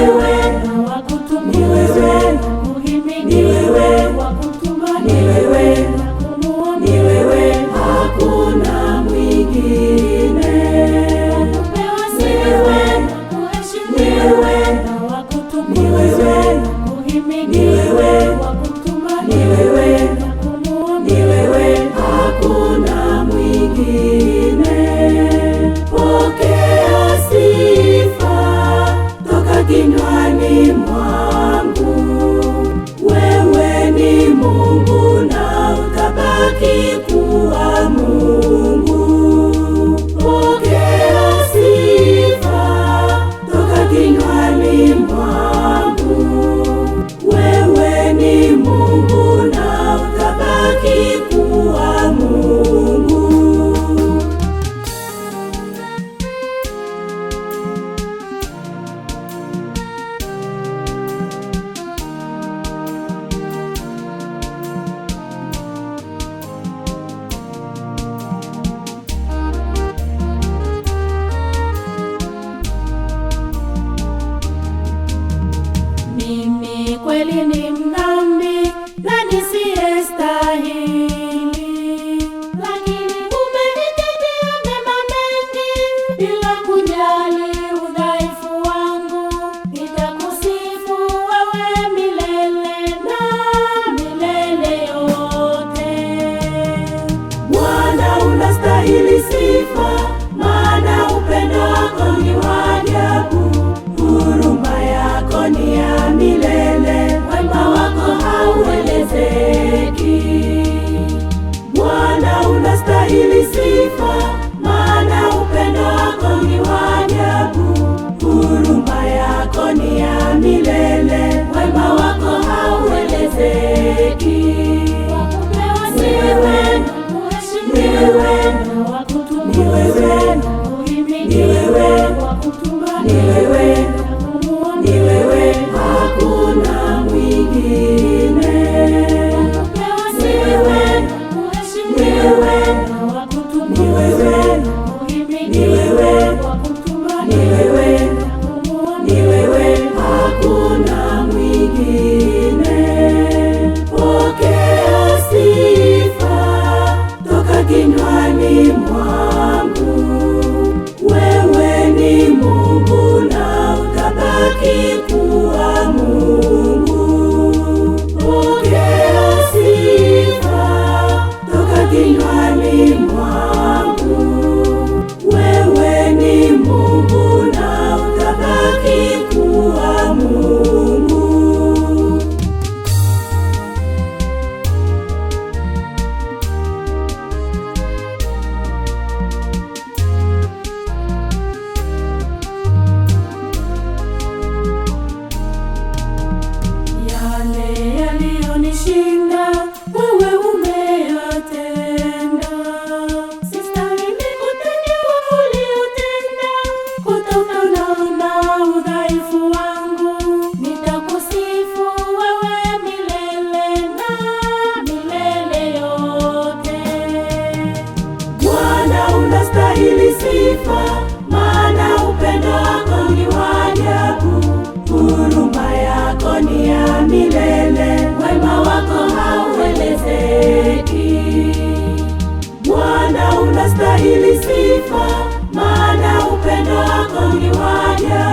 you will. milele, wema wako hauelezeki. Bwana unastahili sifa, maana upendo wako ni wa ajabu, huruma yako ni ya milele, wema wako hauelezeki. milele, wema wako hauelezeki. Bwana, unastahili sifa, maana upendo wako ni wajaa